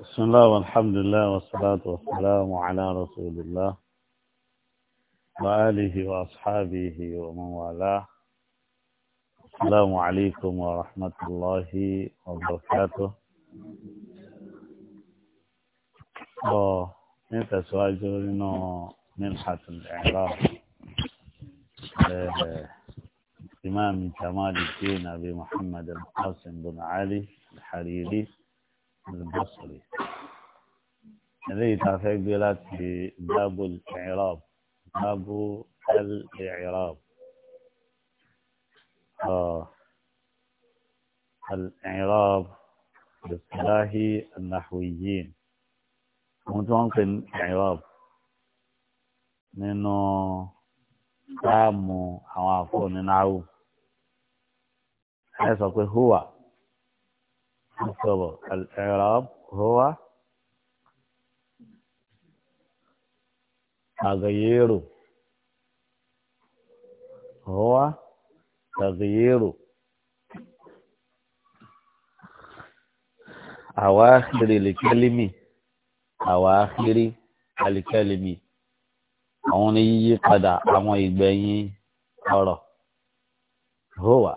بسم الله والحمد لله والصلاة والسلام على رسول الله وآله وأصحابه ومن والاه السلام عليكم ورحمة الله وبركاته نتسواجه من منحة الإعراب إمام جمال الدين أبي محمد القاسم بن علي الحريري البصري الذي تفجلت في باب الإعراب باب الإعراب الإعراب باصطلاح النحويين ممكن إعراب منه قاموا أو عفوا نعو هذا هو بالطبع الإعراب هو تغيير هو تغيير أواخر الكلمي أواخر الكلمي àwọn yíyí padà àwọn ìgbẹ̀yìn ọ̀rọ̀ hùwà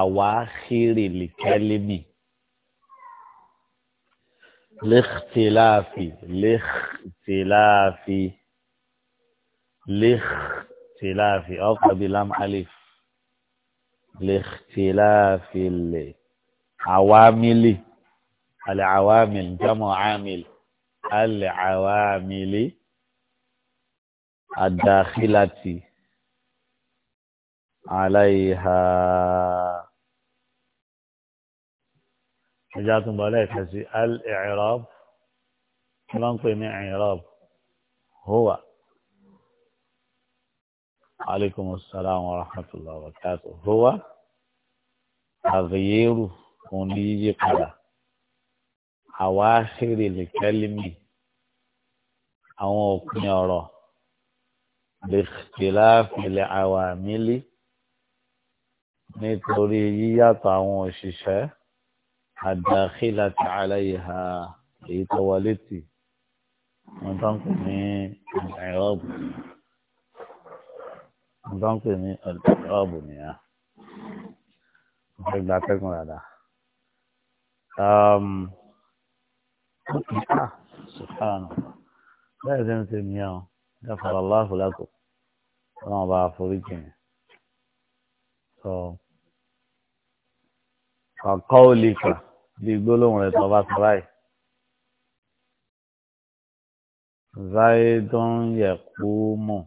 àwáhírì lìkẹ́lìmì lìkìtìláàfì lìkìtìláàfì lìkìtìláàfì ọkọ̀ bíi lam alif lìkìtìláàfì lè àwámìlì àlẹ́ àwámìlì jámọ̀ àmìlì àlẹ́ àwámìlì àdàkìlàtì. عليها ẹja tún bọ̀ lẹ́ẹ̀kan sí al-i'rab tí wọ́n ń pè ní i'rab huwa aleykum salaam wa rahmatulah wa barakatu huwa àfẹyẹrù òun ní yíyí padà àwa ṣeré lè kẹ́límì àwọn òpin ọ̀rọ̀ lè kìlá fìlẹ̀ àwàmílì nítorí yíyàtọ̀ àwọn òṣìṣẹ́. الداخلة عليها لتوالتي من تنقني الإعراب من تنقني الإعراب يا أحب أعتقد هذا أم سبحان الله لا يزن تنمية غفر الله لكم أنا بعفوريكم so فقولك bí gbólóhùn rẹ̀ tó bá sọ báyìí. Zaidun yẹ kú mọ̀.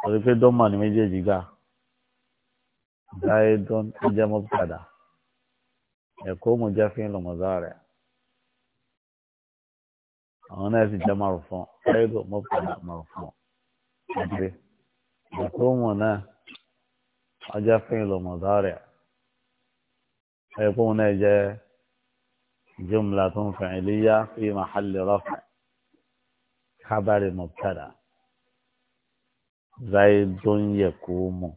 Torí pé dọ́mọ̀ ni méjèèjì gbà. Zaidun tó jẹ́ mọ́ padà. Ẹ̀kọ́ mo jẹ́ fi ń lọ mọ̀zá rẹ̀. Àwọn náà sì jẹ́ márùn-ún. Zaidun mọ́ padà márùn-ún. Ẹ̀kọ́ mo náà ọjọ́ fi ń lọ mọ̀zá rẹ̀ ẹ̀kún náà jẹ́ jumla tó ń fa'iliyya fi mahalli rafa kábàárì mubtada zaidun yaqumu.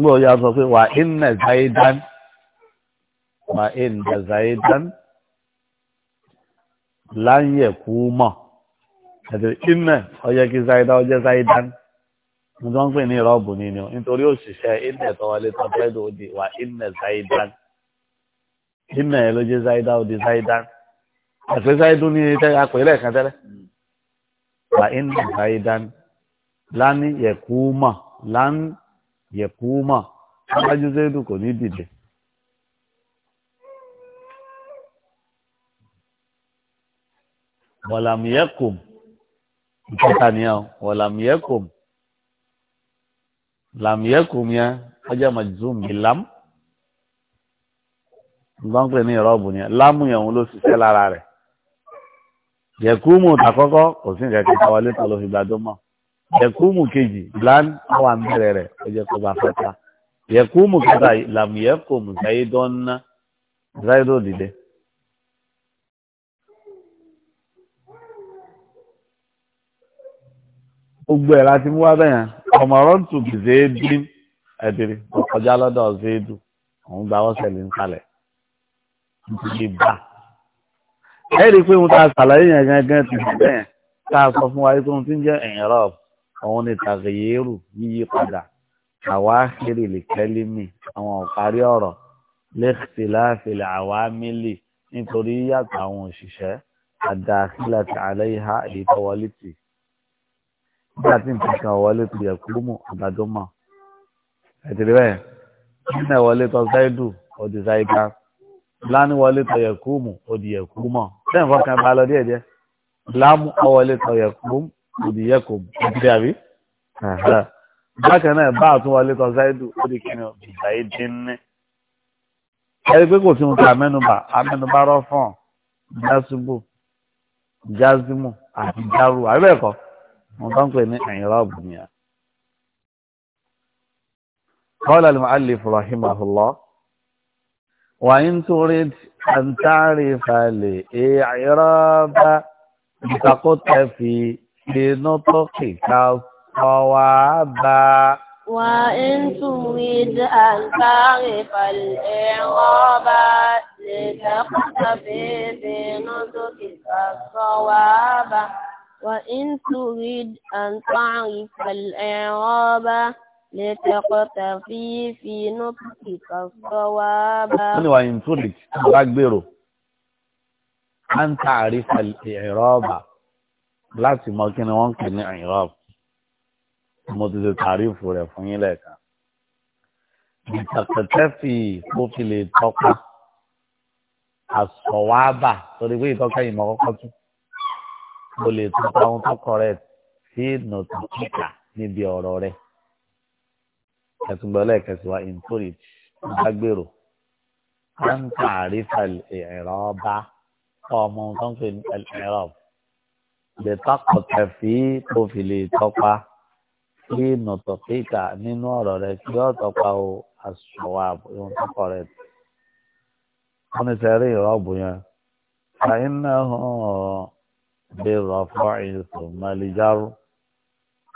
gbọ́ ya sọ pé wà inna zaidan wà inna zaidan lan yaqumu. ẹ̀dùn inna ọjọ́ kí zaidan ọjọ́ zaidan mo tó ń pè ní rọ́ọ̀bù nínú nítorí òṣìṣẹ́ ilẹ̀ tó wọlé tó bẹ́ẹ̀dù òdì wà ilẹ̀ zaidan ilẹ̀ ló jẹ́ zaidan òdì zaidan àti zaidan ní apè lẹ́ẹ̀kan tẹ́lẹ̀ wà ilẹ̀ zaidan lání yẹ̀kúmọ̀ lání yẹ̀kúmọ̀ alájú zaidu kò ní dìde. wọ̀làmìyẹ́kùm ni nìyẹn wọ̀làmìyẹ́kùm làmìyẹ́kùn yẹn ọjọ́ majzum bí lam nǹkan pè ní ìrọ́bù yẹn lámù yẹn òun ló ṣiṣẹ́ lára rẹ̀ yẹkùmù tàkọ́kọ́ kò sí nǹkan kíkà wọlé tó ló fi gbàdó mọ́ yẹkùmù kejì lan àwọn àmìlẹ̀ rẹ̀ ọjọ́ kó bá fẹ́ ta yẹkùmù kẹta làmìyẹ́kùn zayidọ́nà zayidọ́ dìde. gbogbo ẹ̀ láti mú wá bẹ́yẹn ọmọrọ́ǹtù bí zéédín ẹ̀dìrí ọkọjá lọ́dọ̀ zéédù òun gba ọ̀sẹ̀ lè ń kalẹ̀ nítorí bá. ẹ rí i pé mo ta àṣàlàyé yẹn gangan ti fi bẹ́ẹ̀ tá a sọ fún wa pé mo ti ń jẹ́ ẹ̀rọ òun ni tàgéyérù yíyí padà àwáhírì lìkẹ́límì àwọn ọ̀parí ọ̀rọ̀ lẹ́kìtìláfìlẹ̀ àwámílì nítorí yíyàtọ̀ àwọn òṣìṣẹ́ àdáhìlà tààlẹ́ ìhà èyí tọ́wọ́lì tì í nígbà tí nǹkan kan wọlé tó yẹ kó mú àgbàdo mọ ẹtìrí bẹ́ẹ̀ nínú ìwọlé tó ṣáìdù ọdì ṣáìká láni wọlé tó yẹ kó mú ọdì yẹ kó mọ sẹ́yìn fọkàn bá lọ díẹ̀ díẹ̀ láàmú ọwọlé tó yẹ kó mú ọdì yẹ kó mú ẹtìrí àbí bákan náà bá àtún wọlé tó ṣáìdù ọdì kìíní ọdì ṣáìdì ní. ẹni pé kò sí ohun tí amẹnubà amẹnubà rọ fún ọ jásùbù jásùmù àti járù àbẹ́ẹ̀kọ́ wọn bá ń pè ní ìrọ́bù ni à. قال المؤلف رحمه الله وإن تريد أن تعرف لإعراب تقتفي بنطقك الصواب وإن تريد أن تعرف الإعراب لتقتفي بنطقك الصواب وإن تريد أن تعرف الإعراب لتقتفي في نطقك الصواب وإن تريد أكبره أن تعرف الإعراب láti mọ kí ni wọ́n ń pè ní ìrọ́b mo ti ṣe tàrífù rẹ̀ fún yín lẹ́ẹ̀kan ìtàkùtẹ́fì kó fi lè tọ́ka àsọ̀wábà torí pé ìtọ́ka yìí mọ́ kọ́kọ́ tún mo lè tún pa ohun tó correct sí nọ̀tún kíkà níbi ọ̀rọ̀ rẹ̀ ẹ̀tún gbọ́ lẹ́ẹ̀kẹsì wa nítorí ìdágbèrò à ń ta àrífà ẹ̀rọ ọba ọmọ tó ń pè ní ẹ̀rọ lẹ́tọ́kọ̀tẹ̀ fi tó fi lè tọ́pa sí nọ̀tún kíkà nínú ọ̀rọ̀ rẹ̀ kí ó tọ́pa o àṣọwà ohun tó correct wọ́n ní sẹ́rí ìrọ́bù yẹn. فإنه بالرفع ثم الجر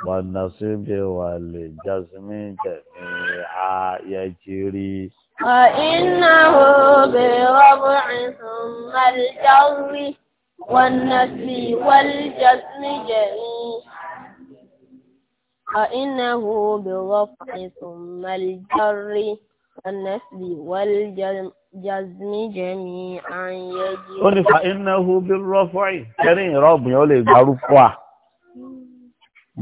والنصب والجزم جميعا يجري فإنه بالرفع ثم الجر والنصب والجزم جميعا فإنه بالرفع ثم الجر والنصب والجزم jazmi jẹ́mi àyẹ́jì. ó ní fa iná hu bí rọ́fọ́ì kẹ́rin ìrọ́bùn yóò lè gbárùkù à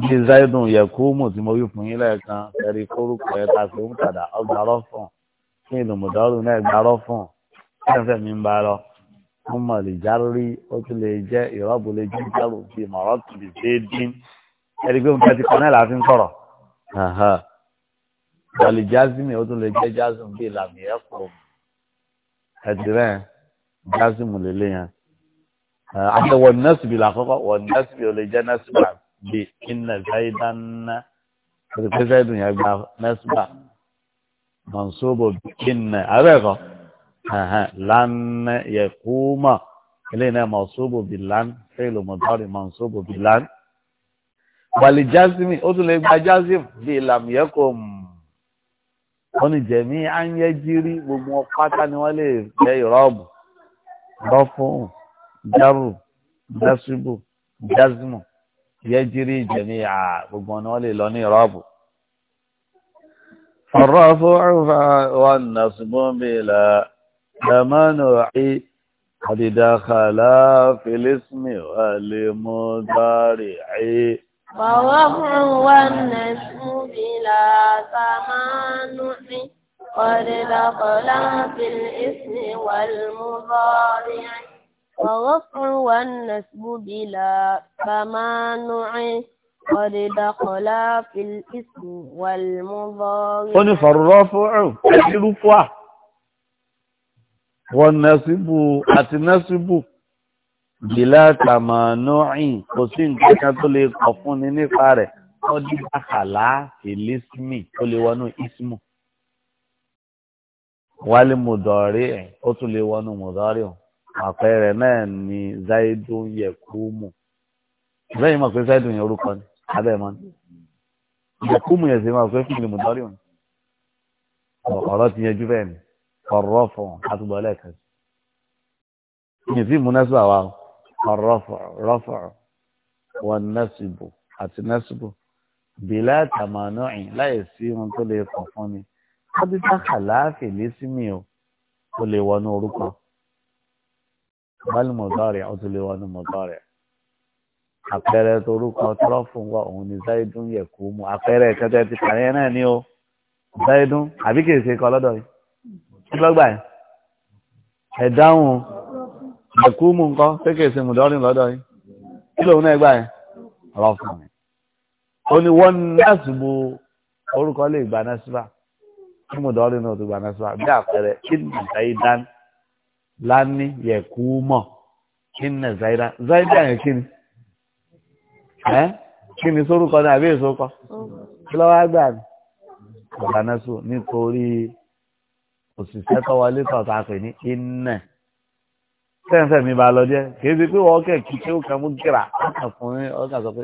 bí zaidun yakumu tí mo wí fún yín lẹ́ẹ̀kan kẹ́rin kórùkù ẹ̀ ta sí òǹtàdà ọgbà rọ́fọ̀n kí ìlùmọ̀dọ́rù náà gbà rọ́fọ̀n kẹ́fẹ́ mi ń bá lọ wọ́n mọ̀ lè járí ó tún lè jẹ́ ìrọ́bù lè jẹ́ ìjárò bíi mọ̀rọ́tù bíi déédín ẹ̀rí pé nǹkan ti kọ́ náà láti ń sọ̀rọ̀ wọ́n jásímì ó tún lè jẹ́ jásímì bíi làmì ẹ̀kọ́ ẹ̀dìrẹ́ jásímù lélẹ̀ yẹn àti wọ́n nẹ́sìbì làkọ́kọ́ wọ́n nẹ́sìbì ò lè jẹ́ nẹ́sìbà bí iná ṣáìdánná ẹ̀dì pé ṣáìdùn yẹn gba nẹ́sìbà mọ̀nsóbò bí iná abẹ́ẹ̀kọ́ lánà yẹ kú mọ̀ eléyìí náà mọ̀nsóbò bí lán fẹ́ẹ̀lì mọ̀tọ́rì mọ̀nsóbò bí lán wàlì jásímù ó tún lè gba jásímù bí làmìyẹ́kọ̀ọ́ mọ̀ wọ́n ní jẹ̀mí ányẹ́jírí gbogbo wọn pátá ni wọ́n lè jẹ́ ìrọ́ọ̀bù rọ́fún járù jásíbù jásímù yẹ́jírí jẹ̀mí à gbogbo wọn ni wọ́n lè lọ ní ìrọ́ọ̀bù. fọ̀rọ̀fún wọn nà ṣùgbọ́n mi là dàmánù àì àdìdàkàlà fìlísìmì wà lè mú dárì àì. ووضع والنسم بلا تمانع قد دخل في الاسم والمضارع ووضع والنسب بلا تمانع قد دخل في الاسم والمضارع قل فالرفع الرفع والنسب النسب bìlá tàmánúìn kò sí nǹkan kan tó lè kọ̀ fún ni nípa rẹ̀ wọ́n dín àkàlà ìlísímì tó lè wọnú ismu wálé mùdọ̀rí ẹ̀ ó tún lè wọnú mùdọ̀rí ọ̀ àpẹẹrẹ náà ni zaidun yẹkúmù lẹ́yìn mọ̀ pé zaidun yẹn orúkọ ni abẹ́ mọ́ ni yẹkúmù yẹn sì máa pé fún mi mùdọ̀rí ọ̀ ọ̀rọ̀ ti yẹjú bẹ́ẹ̀ ni ọ̀rọ̀ fún àtúbọ̀lẹ̀ kan mi ì sí múnásù àwa o. الرفع رفع والنسب النسب بلا تمانع لا يسير كل يقفوني قد دخل في الاسم كل ونورك بل مضارع كل مضارع àpẹẹrẹ torúkọ tọrọfù wa òun ni zaidun yẹ kó mu àpẹẹrẹ kẹtẹ ti parí ẹ náà ni o zaidun àbí kìí ṣe kọ lọ́dọ̀ yìí kí lọgbà yìí ẹ dáhùn yẹ̀kúmù nǹkan kéèkéèsè mùdọ́rin lọ́dọ̀ yìí kí lòun náà gbà yẹn ọ̀rọ̀ fún mi. ó ní wọ́n násìbò orúkọ lè gba násìbà kí mùdọ́rin náà tó gba násìbà bí àpẹẹrẹ kí nà zaidan lání yẹ̀kúmọ̀ kí nà zaidan zaidan yẹn kí ni ẹ́ kí ni sórúkọ ní àbí èsókọ kí lọ́wọ́ á gbà ní ọ̀gá násìbò nítorí òṣìṣẹ́ tọ́wọlé tọ̀ tá a pè ní iná tẹ́ǹfẹ̀ mi bá lọ jẹ́ kì í ṣe pé wọ́n kẹ̀kí tí ó kàn mú kíra ọkùnrin ọkà sọ pé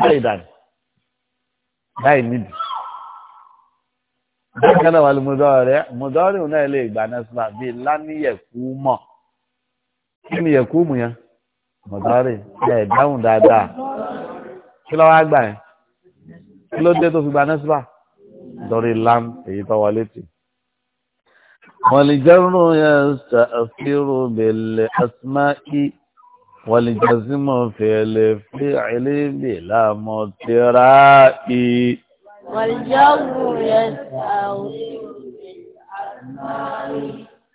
báyìí dàní báyìí nídìí. bákan náà wà ló mọ̀dọ́rẹ̀ mọ̀dọ́rẹ̀ náà lè gbà náà sọ́la bíi lánìyẹ̀kú mọ̀ kí ni yẹ̀kú mu yẹn mọ̀dọ́rẹ̀ ẹ̀ dáhùn dáadáa kí lọ́wọ́ àgbà yẹn kí ló dé tó fi gbà náà sọ́la dọ́rí lám èyí tó wọlé tì í. والجر يستأثر بالأسماء والجزم في الفعل بلا مطراء والجر يستأثر بالأسماء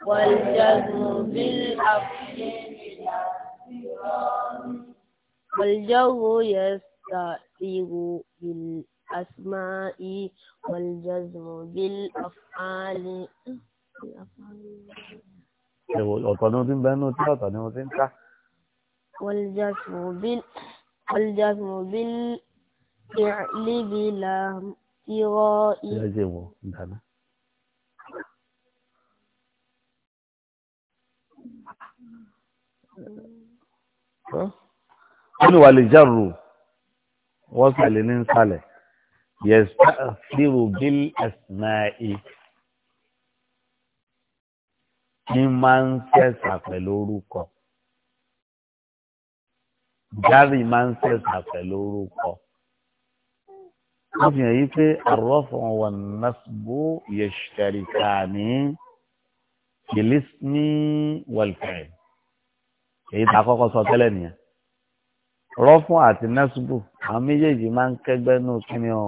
والجزم بالأفعال بلا متراء والجر يستأثر بالأسماء والجزم بالأفعال ọ̀tọ̀ ni wọ́n ti ń bẹ́ẹ̀ nù tí ọ̀tọ̀ ni wọ́n ti ń ká. wọ́lìjàsùn bí líbi là ti rọ i. ẹ jẹ́ wọ ìdáná. wọ́n sàlẹ̀ ní nsàlẹ̀ yẹ̀sà fírù bí ẹ̀sìn náà yìí ní máa ń sẹ̀sà pẹ̀lú orúkọ járì máa ń sẹ̀sà pẹ̀lú orúkọ wọ́n fi hàn yí pé àrọ́fọ̀ wọn nasbo yẹ̀ṣẹ̀ríkà ní kìlísní wẹ̀lfẹ̀ẹ́ èyí tá a kọ́kọ́ sọ tẹ́lẹ̀ nìyẹn rọ́fún àti násùbù àwọn méjèèjì máa ń kẹ́gbẹ́ nínú kíni ọ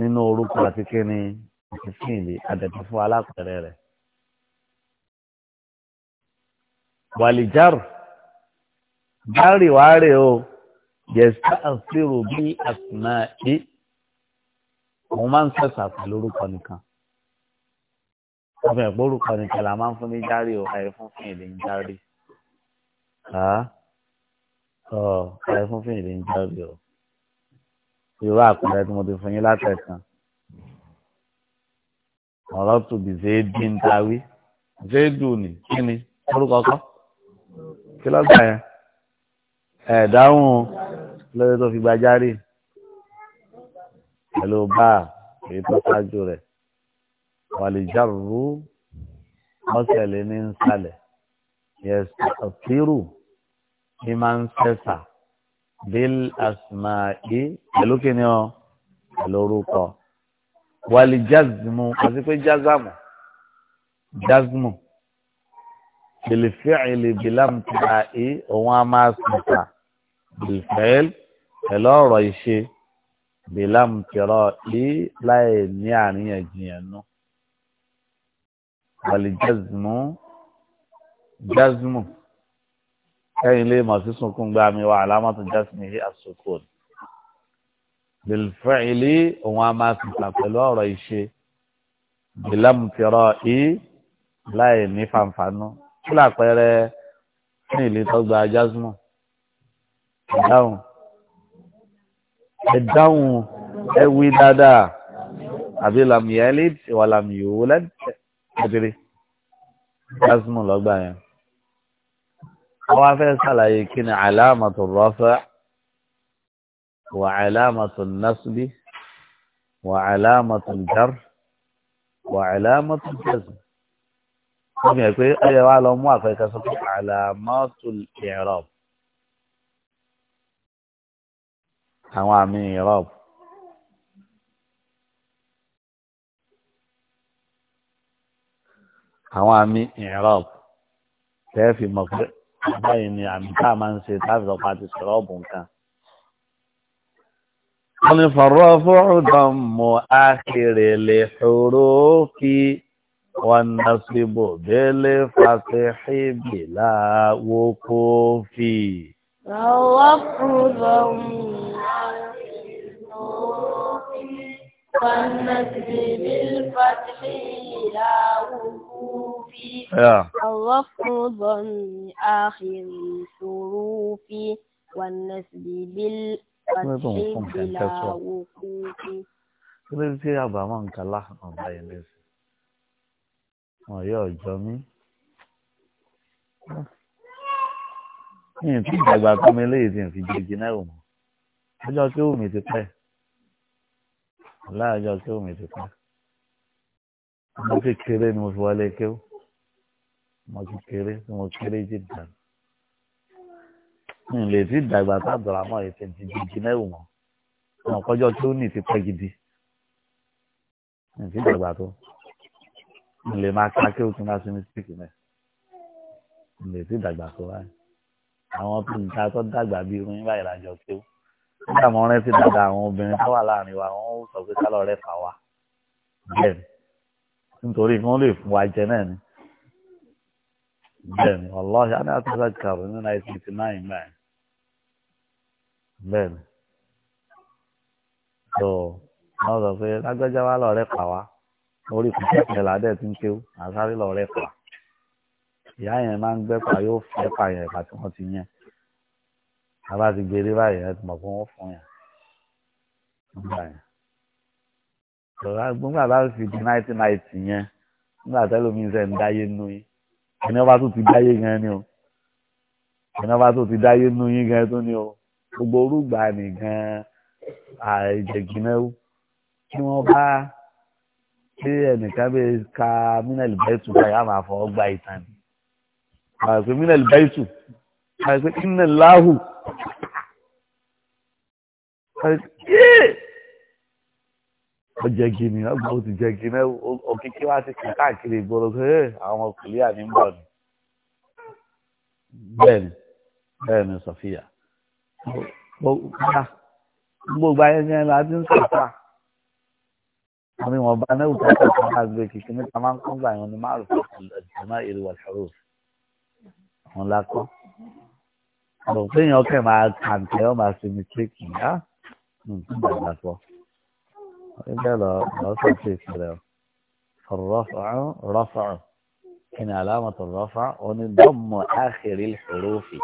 nínú orúkọ àti kíni àti kíni àdẹ̀tẹ̀ fún alápẹ̀rẹ̀ rẹ̀. wàlìjárù járì wàárè o yẹsẹ àṣírò bí àsìnà ẹ òun máa ń sẹsà pẹ̀lú orúkọ nìkan ọbẹ̀ ìpò orúkọ nìkan là máa ń fún ní járì o àyè fún fún èdè ń járì àyè fún fún èdè ń járì o irú àpẹẹrẹ tí mo ti fún yín látẹ̀kan ọ̀rọ̀ tó bí zéédì ń darí zéédù ni kí ni orúkọ kan kí lọ́gbà yẹn ẹ̀ dáhùn lórí tó fi gbajárì pẹ̀lú báà èyí tó ṣáájú rẹ̀ wàlìjàrú mọ́sẹ̀lẹ̀ ní nsàlẹ̀ yẹ̀sọ̀tìrù ní máa ń sẹ́sà bíl asma'i pẹ̀lú kíni ọ pẹ̀lú orúkọ wàlìjàzmù àti pé jázàmù jázmù bilifẹ́ẹ̀lì bilamtara i òun a máa sùnta bilifẹ́ẹ̀lì pẹ̀lú ọ̀rọ̀ ìṣe bilamtara i láì ní àríyànjiyàn nù. Àlìjẹ́zìmù jẹ́zìmù kẹ́yìn lè mọ̀ sí sunkún gba mi wá àlámọ́tò jẹ́sìmù yìí àsokò. Bilifẹ́ẹ̀lì òun a máa sùnta pẹ̀lú ọ̀rọ̀ ìṣe bilamtara i láì ní fanfanu kí làpẹẹrẹ ní ìlú tó gba jásmọ ẹ dáhùn ẹ dáhùn ẹ wí dáadáa àbí làmìyẹlẹ ìwà làmìyẹwò lẹ́tẹ̀ẹ́ kékeré jásmọ lọ́gbà yẹn àwọn afẹ́ sàlàyé kí ni àlàmàtò rọ́fẹ́ wà àlàmàtò násùbí wà àlàmàtò jar wà àlàmàtò jazm wọ́n fi hàn pé ó yẹ wá lọ mú àpẹẹkẹ sọ pé àlàmọ́tul ìrọ̀b àwọn àmì ìrọ̀b. àwọn àmì ìrọ̀b tẹ́ fi mọ̀ pé báyìí ni àmì tá a máa ń ṣe táàbì lọ́pàá àti sọ̀rọ̀ọ̀bù nǹkan. wọ́n ní fọ̀rọ̀ fún ọ̀dọ́ mọ́ àkèrè lè ṣòro kí. والنصب بالفتح بلا وقوف وفرضا والنصب بالفتح بلا وقوف وفرضا آخر الشروف والنصب بالفتح بلا وقوف. Kí ló dé tí àbámọ̀ nǹkan láhàn ọ̀bá yẹn lé sí? wọn yóò jọ mí. mi ò fi ìdàgbà tó mi léyìí tí n fi jẹjẹ náà wò mọ́ ọjọ́ tí wù mí ti pẹ́ láàjọ tí wù mí ti pẹ́ mo kékeré ni mo fi wọlé kéwù mo kékeré tí mo kéré jì dàgbà mi ò lè ti dàgbà tá àdùrámọ́ yìí tí n fi jẹjẹ náà wò mọ́ ọ̀nà kọjọ́ tí ó ní ti pẹ́ gidi mi ò ti dàgbà tó n lè máa ka kí o tún bá sí mísíkì mẹ n lè ti dàgbà tó wáyé àwọn tó ń ta tó dàgbà bí irun yín báyìí lájọ kí o nígbà mọ rántí dáadáa àwọn obìnrin tó wà láàrin wa wọn ó sọ pé kálọ rẹ fà wá bẹ́ẹ̀ nítorí kí wọn lè fún wa jẹ náà ni bẹ́ẹ̀ ni ọlọ́ọ̀ṣà ní àtúnṣe kàrọ̀ ní nineteen fifty nine báyìí bẹ́ẹ̀ ni tó wọn sọ pé lágbájá wa lọ rẹ fà wá orí kùtẹ́kẹ̀ ládẹ́ tí ń kéwú àsáré lọ rẹ̀ pa ìyá yẹn máa ń gbẹ́pà yóò fẹ́ pa yẹn ìgbà tí wọ́n ti yẹn bàbá ti gbé rí báyìí ẹ̀ tó mọ̀ pé wọ́n fún yẹn nígbà yẹn nígbà tá a fi di náìtì náìtì yẹn nígbà tẹ́lẹ̀ omi ṣe ń dáyé tí ẹnìkan bẹ ka mínàlì bẹ́ẹ̀tù báyìí á máa fọwọ́ gba ìtàn ni àwọn ìpè mínàlì bẹ́ẹ̀tù àwọn ìpè iná láhù ó jẹ gini ọgbà ó ti jẹ gini òkìkí wá ti kàn káàkiri ìgboro pé àwọn ọkùnrin àní ń bọ̀ ni bẹ́ẹ̀ni bẹ́ẹ̀ni sọfíà gbogbo ayẹyẹ la ti ń sọfà àmì wọn bá náà wùtá kí wọn máa gbé kìkì níta máa ń kọ́ gbà yẹn ní márùn ìjọba ìlú wàlúù àwọn lakọ́ àwọn péyàn ọkẹ́ máa kàǹtẹ́ ọ máa sinmi tírékì yá nǹkan ah! dàgbà pọ̀ ẹgbẹ́ lọ lọ́sọ̀ sí ìṣẹ̀lẹ̀ rọ́fọ̀ọ́ rọ́fọ̀ọ́ kí ni àlámọ̀tò rọ́fọ̀ọ́ oní dọ́mọ̀ áàkiri ìṣòrófì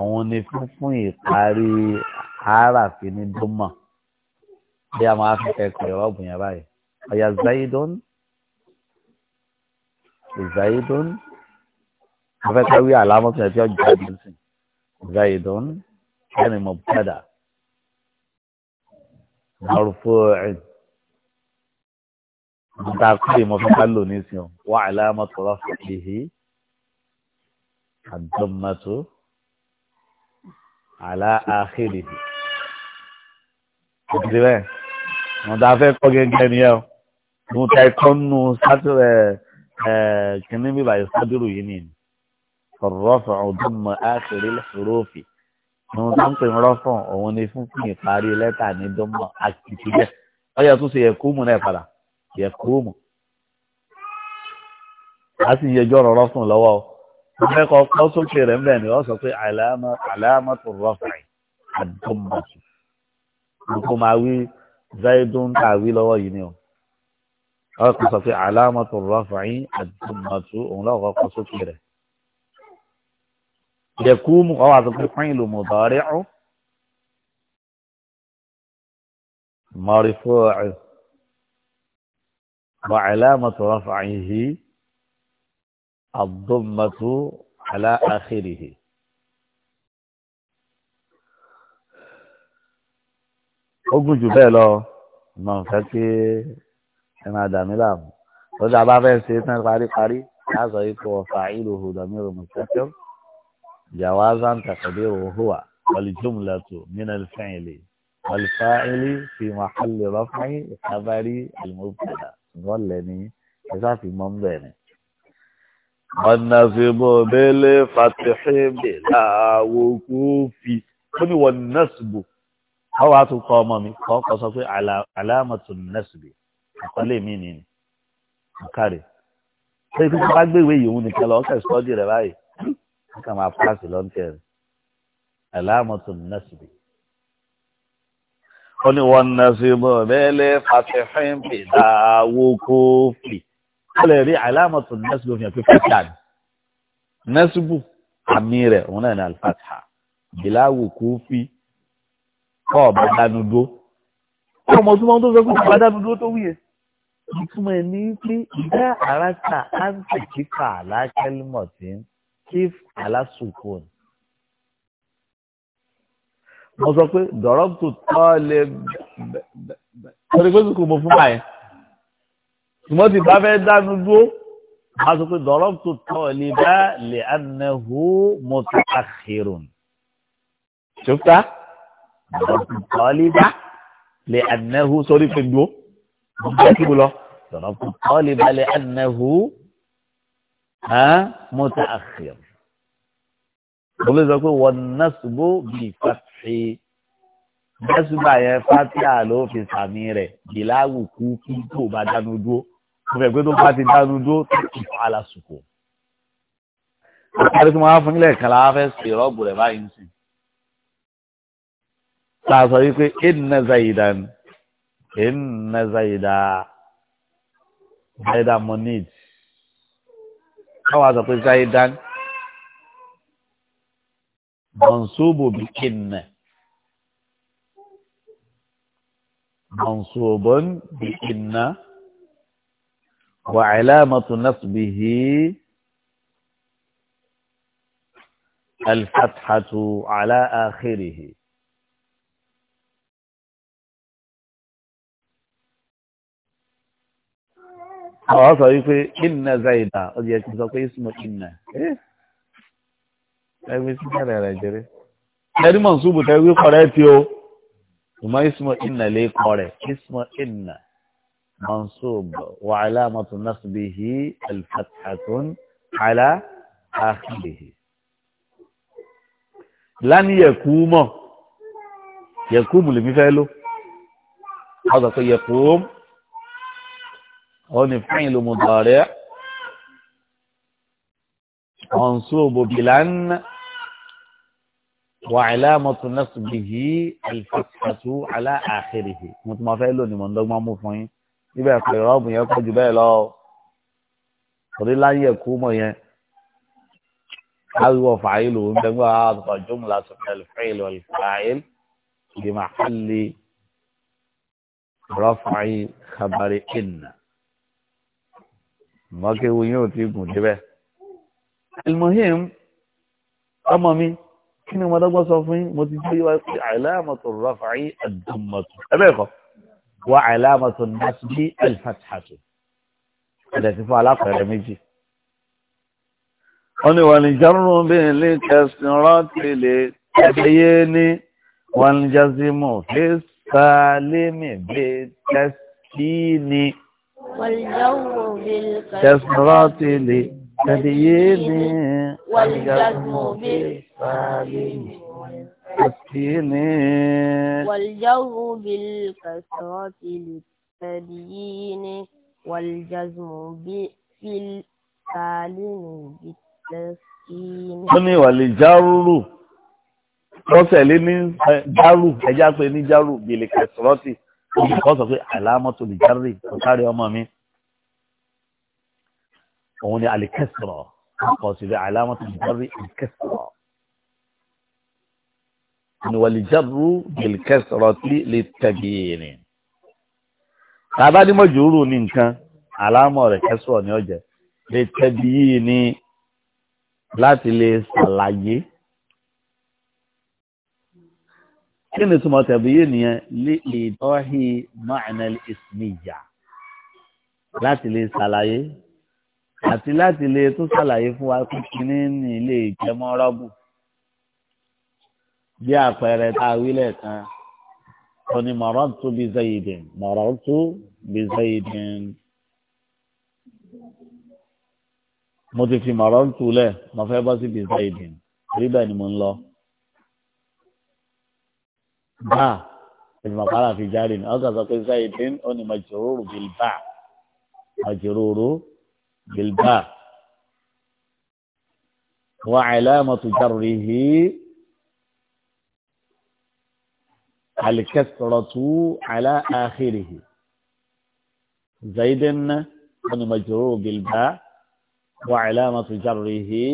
òun ni fúnfún ìparí àáràfin ní dọ́mọ̀ bí a máa fẹ́ kọ ìrọ́bù yẹn báyìí ọ̀yà zaidon zaidon afẹ́kẹ́ wí àlámọ́sìn ẹ̀tí ọjọ́ àdìsìn zaidon ẹni mọ̀bùtàdà marfu'in nta kúrè mọ́ fún kálò nísìnyàn wà àlámọ́sìn ọlọ́fà ìhì àdọ́mọ́tò àlá àhìrì. Ìdílé bẹ́ẹ̀ wọn ta fẹ́ kọ́ gẹ́gẹ́ ni ẹ o mo ta ẹ̀kọ́ nù sátìrẹ ẹ kìnní bíbá yìí sádìrù yìí ni rọfọ ọdún mọ àkèrè lọfọrọfì ni wọn ta ń pè ń rọfọ òun ni fún fún ìparí lẹ́tà ní dọmọ àkìtìjẹ ọyọ tún ṣe yẹkùmù náà padà yẹkùmù a sì yẹjọ rọrọ fún lọ́wọ́ o mo fẹ́ kọ kọ sókè rẹ mbẹ ni wọn sọ pé àlàmà àlàmà tó rọfà àdọmọ tó máa wí zaidun tàbí lọ́wọ́ yìí ni o àwọn kan sọ pé alámọ̀tò rọ́fàáyín àdùnnàtú òun lọ́wọ́ kọ́kọ́ sókè rẹ̀ yẹkùmù ọwọ́ àti pé fún ìlú mọ̀tàríù mọ̀rìfọ́ọ̀ẹ́ وعلامة رفعه الضمة على آخره ó gùn jù bẹ́ẹ̀ lọ ọmọ nǹkan kí ẹ máa dà mí láàmú lọ́dọ̀ abá fẹ́ ṣe tán paríparí láàzọ ikú ọ̀fà ìlú hùdọ̀mí ròmù kẹ́kẹ́ ìyàwó azán tàkàdé òhùwà wàlìjùmùlẹ̀tù nínú ìfẹ́yìnlẹ̀ wàlìfáìlì fi màkàlì rọ́fáì ìkábárí àlùmọ́bùdà ṣùgbọ́n lẹ́ni ẹ̀sà fi mọ́ ń ni. ọ̀nà fìbò bẹ́lẹ̀ fàtìhìn bẹ́lẹ̀ àwòkú fi ó ní wọ́n nọ́ọ̀sì bò àwọn àtúkọ ọmọ mi kọ́ kọ́ sọ pé alámọ̀tò nẹ́sìbì àkọlé mi ni ni ọ̀kàrẹ̀ ṣé ibi tí wọ́n bá gbé ìwé yìí òun nìkan lọ ọ̀kẹ́ sọ́ọ́dì rẹ̀ báyìí wọ́n kàn máa pàṣẹ lọ́ńtẹ̀ rẹ̀ alámọ̀tò nẹ́sìbì. ó ní wọn nẹ́sìbì mẹ́lẹ́ fàtẹ́fẹ́ń pèdà wókòófì ó lè rí alámọ̀tò nẹ́sìbì fi hàn pé fàtà ni nẹ́sìbù àmì rẹ̀ òun náà ní alifàtà bìlá wókòófì kọ́ ọ̀bá dánú dúró ọmọ tó máa ń tó sọ pé ọ̀bá dánú dúró tó wúyẹ ìtumọ̀ ẹ̀ ní pé ìdá àràtà áńtì kíkà aláṣẹ́límọ̀ tí ń kí aláṣùkò ni. mo sọ pé dọ̀rọ́pù tọ́ lè torí pé sùkùn mo fún báyìí ṣùgbọ́n tí bá fẹ́ dánú dúró sọ pé dọ̀rọ́pù tọ́ lè bá lè ànáhù mọ́tàkìrùn. ṣùgbọ́n tọ́lídá lè ànáhu sórí fèdúó bẹ́ẹ̀ kú lọ dọ̀rọ̀bù tọ́lídá lè ànáhu mọ́tà àkìr. mo lè sọ pé wọ́n násùbò bí fàtì násùbà yẹn fàtì àlọ́ fi sàmì rẹ̀ bìláwù kú kí tó bá dánú dúó mo pé tó bá ti dánú dúó tó kì í fà á lásìkò. máa fún ilé kan fẹ́ sèrọ́ọ̀bù rẹ̀ báyìí nìyí. تاسو وی ان زیدن ان زیدا زیدا منید خواځه په زیدن منصوب بكن منصوب بكن وعلامة نصبه الفتحة على آخره àwọn sọ wípé inna zaida ó yẹ kí n sọ pé ismu inna ẹ wí sí kẹrẹ rẹ jẹrẹ ẹni mọ̀ nsúbù tẹ wí kọrẹ tí o ìmọ̀ ismu inna lè kọ rẹ ismu inna منصوب وعلامة نصبه الفتحة على آخره لن يقوم يقوم لمثاله هذا يقوم ó ní fáìlì mùdọ̀rẹ́ ọ̀nsóòbò bìlán wà ìlàmọ̀tò nẹ́sùbìhì alifásitàtù alá àkèrèhì mo tún máa fẹ́ lónìí mo ń dọ́gbọ́n mú fún yín níbẹ̀ pé rọ́ọ̀bù yẹn pọ̀ jù bẹ́ẹ̀ lọ torí láyé ẹ̀kú mọ̀ yẹn ariwo fàáyìlù ń bẹ́ẹ̀ gbọ́ àtọ̀kọ̀ ah, jùmùlá sọ̀tẹ̀lì fàáyìlù alifáyìlù ìdìmọ̀ àkàlì rọ́fàáyì kàbàrì ìnà mọ́kéwu yóò ti gùn débẹ̀. almuhim ọmọ mi kí ni mo dọ́gbọ́n sọ fún yín mo ti jẹ́ wá sí àìláàmọ̀tò rọ́fàáyí àdàmọ̀tò ẹbẹ́ ẹ̀kọ́ wá àìláàmọ̀tò nàṣbí alfàtàtò ẹ̀dẹ̀ ti fún alápẹ̀rẹ̀ méjì. wọ́n ní wọ́n ní járùn bí ilé kẹsàn-án rántí lè tẹ̀lé ní wọ́n ní jásímù fẹ́ẹ́ sálẹ́mì bẹ́ẹ̀ tẹ́sí ní. والجو بالكسرة للتديين والجزم بالسالم والسين والجو بالكسرة للتديين والجزم بالسالم بالتسكين. ó والجارو. wàlìjárù wọ́n جارو ní járù جارو pé olùkọ́ sọ pé àlámọ́tò lè járe kò sáré ọmọ mi òun ni àlìkẹsọ̀rọ̀ kò sì bẹ àlámọ́tò lè járe àlìkẹsọ̀rọ̀ ìwàlìjàrú bìlìkẹsọ̀rọ̀ tí lè tẹ̀bi ìrìn tàbá ní ní nǹkan àlámọ̀ rẹ̀ kẹsọ̀rọ̀ ní ọ̀jẹ̀ lè tẹ̀bi yìí láti lè ṣàlàyé. kí ni túmọ̀ tẹ̀bíyé nìyẹn lè ìtọ́hì ma'anal ismiya láti lè ṣàlàyé àti láti lè tún ṣàlàyé fún wa pé kíní ní ilé ìjẹmọ́ rọ́bù bí àpẹẹrẹ tá a wílẹ̀ kan ó ní marartu bi Zaydin marartu bi mo ti fi marartu lẹ̀ mo fẹ́ bọ́ sí bi Zaydin rí bẹ́ẹ̀ ni mo ń lọ bá ìmọ̀kára fi járe ní ọ̀gá sọ pé zayidin ó ní majororo bilba majororo bilba wa alamatu jarrihi alikẹsọrọtu ala akhirihi zayidin ó ní majororo bilba wa alamatu jarrihi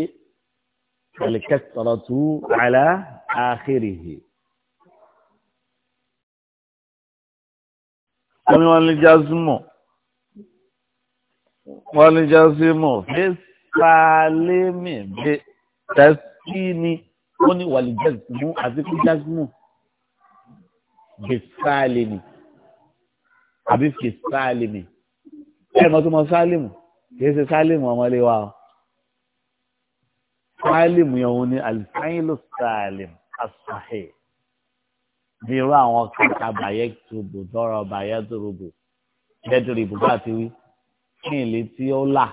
alikẹsọrọtu ala akhirihi. wọ́n ní wọ́n ní jásímọ̀ wọ́n ní jásímọ̀ fẹ́sàlẹ́mì bẹ́ tẹ́sí ni wọ́n ní wàlí jásímọ̀ àti kí jásímọ̀ fẹ́sàlẹ́mì àbí fẹ́sàlẹ́mì ẹ̀ mọ́ tó mọ kìí ṣe sálẹ̀mù ọmọlé wa o sálẹ̀mù yẹn òun ni alifáyín ló sálẹ̀mù asàhẹ́ bí irú àwọn kíkà bàyẹ́ tòbò tọrọ bàyẹ́ tòrobò jẹ́tòrò ìbùkún àti wí ní ìlé tí ó là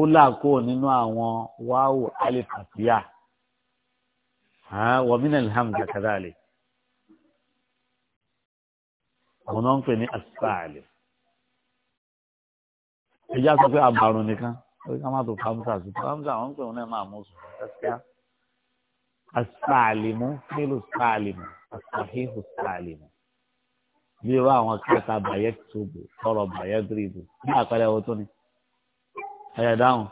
ó là kó nínú àwọn wáwò alifàtíyà wọ́mínà alhamdu kadàlẹ̀ àwọn náà ń pè ní asfaali ẹjá sọ pé àbàrùn nìkan ó ká má tó famsa sí famsa àwọn ń pè wọn náà máa mú sùn ẹsẹ̀ á asàlìmù nílùú sàlìmù asàhíhù sàlìmù bí irú àwọn kẹta bàyẹ tìṣubù tọrọ bàyẹ dìrìbù ní àpẹẹrẹ wo tó ni ẹyẹ dáhùn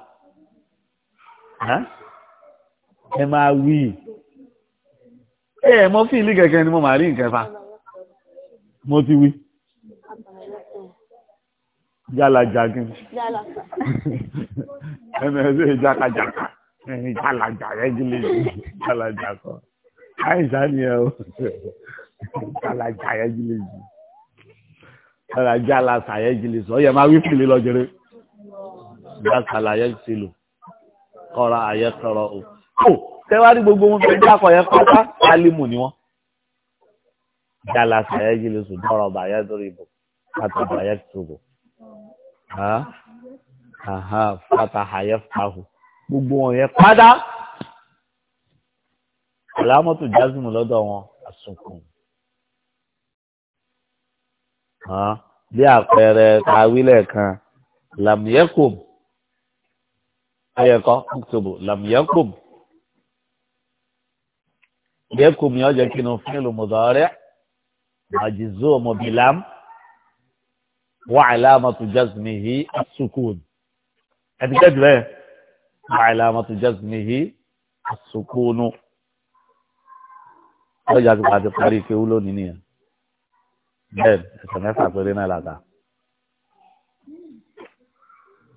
ẹ máa wí ẹ mọ fíìlì kẹkẹ ni mo máa rí nǹkan fa mo ti wí jálajàgin ẹnì ẹsẹ ìjákàjàkà ẹ̀yin jàlàjà regulation jàlàjà kan àìsàn ni ẹ o jàlàjà regulation jàlàjà làṣà regulation ọ̀yẹ̀ máa wí fìlè lọ́jọ́rẹ́ jàlàjà làyẹ̀ sílò kọ́ra àyẹ̀ kọ́ra o. ó tẹ́wárí gbogbo wọn fẹ́ẹ́ dákọ̀ yẹn pátá alimu ni wọ́n jàlàjà regulation dọ́rọ̀ bàyẹ̀ dórí ibò kátà bàyẹ̀ tó bò. Aha, fataha gbogbo wọn yẹn pátá alámọ́tò jásùmù lọ́dọ̀ wọn àsùnkùn bí àpẹẹrẹ kawílẹ̀ kan làmìẹ́kùm ayẹkọ ọkùtòbò làmìẹ́kùm yẹ́kùm yẹn jẹ́ kí ni òfin ìlú mọ̀dọ́rẹ́ àjìzó ọmọbìlám wà alámọ́tò jásùmù yìí àsùnkùn ẹ̀dígẹ́dùrẹ́ yẹn alamatu jazmihi asukunu lọ́jà tó bá ti parí kéwú lónìí nìyẹn bẹ́ẹ̀ ẹsẹ̀ mẹ́fà péré náà làkà.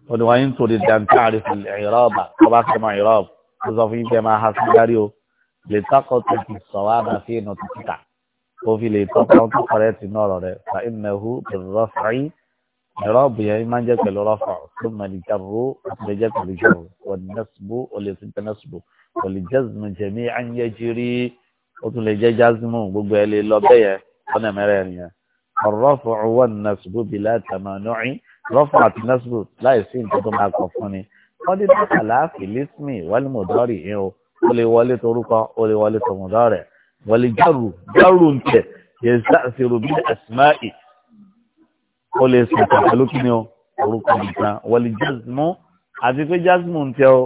wọ́n ní wọ́n yín torí dantá àrífù ìrọ́ọ̀bà tó bá fẹ́ mọ ìrọ́ọ̀bù tó sọ fún ibẹ̀ máa ha sí dárí o lè tọ́kọ̀ tó ti sọ̀wọ́ ìnà tó kíkà kó fi lè tọ́kọ̀ tó kọ̀rẹ́ ti náà rọ̀ fa ìnáwó bẹ̀rẹ̀ rọ́fàáyí ìrọ́bù yẹn máa ń jẹ́ pẹ̀lú rọ́fà tó máa di jarru lè jẹ́ pẹ̀lú jarru wọ́n nẹ́sùbù ó lè tún tẹ́ nẹ́sùbù wọ́n lè jẹ́sùmù jẹ̀mí à ń yẹ jírí ó tún lè jẹ́ jásùmù gbogbo ẹ̀ lè lọ bẹ́yẹ ọ̀nà mẹ́rẹ̀ẹ̀rin yẹn ọ̀rọ̀fà wọ́n nẹ́sùbù bí látàmà nọ́ọ̀ín rọ́fà àti nẹ́sùbù láì sí nǹkan tó máa kọ̀ fún ni wọ́n dé dákàlá fìlísmì wálé mọ̀dọ́rì yẹn o ó lè wọlé torúkọ ó lè wọlé tòmùdọ́rẹ̀ wọ́n lè jarru jarru ń tẹ̀ yẹ ó lè sùn pẹ̀lú kí ni o orúkọ nìkan wọlé jásmù àti pé jásmù ń tẹ ọ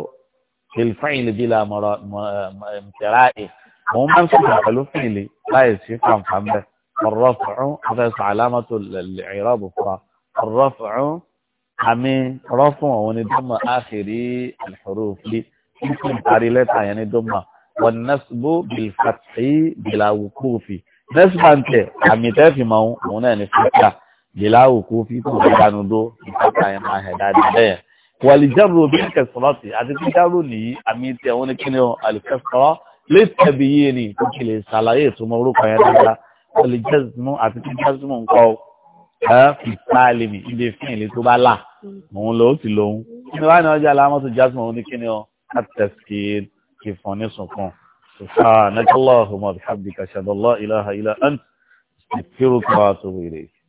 kìlfẹ́yìnlì bí la mọ̀rọ̀ mọ̀tẹ́rà ẹ̀ òun máa ń sọ̀tà pẹ̀lú fìlì láì sí fàǹfàǹ bẹ́ẹ̀ الرفع أساس علامة الإعراب أخرى الرفع حمي رفع وندم آخري الحروف يمكن تعريلتها يعني دم والنسب بالفتح بلا وقوف نسب أنت حمي تافي مو هنا نفتح gbèláwò kó fi kó ìdánù dó ìfọ́ta yẹn máa hẹ̀ dáadáa bẹ́ẹ̀. wàlìjáró bí kẹsàn-án àti kíkáró nìyí àmì tí àwọn oníkíní àlùkẹsàn-án lè tẹ̀bi yé ni kó kí lè ṣàlàyé ìtumọ̀ orúkọ yẹn dáadáa wàlìjáró àti kíkáró nǹkan o ẹ fi sáàlì mi ibi fún ìlú tó bá là òun lòó sì lòun. kíni wàá ní ọjà alámọ́tò jásmọ̀ oníkíní ọ àtẹ̀sí ìfọ̀n ní sunkún. سبحانك اللهم وبحمدك اشهد ان لا اله الا انت استغفرك واتوب اليك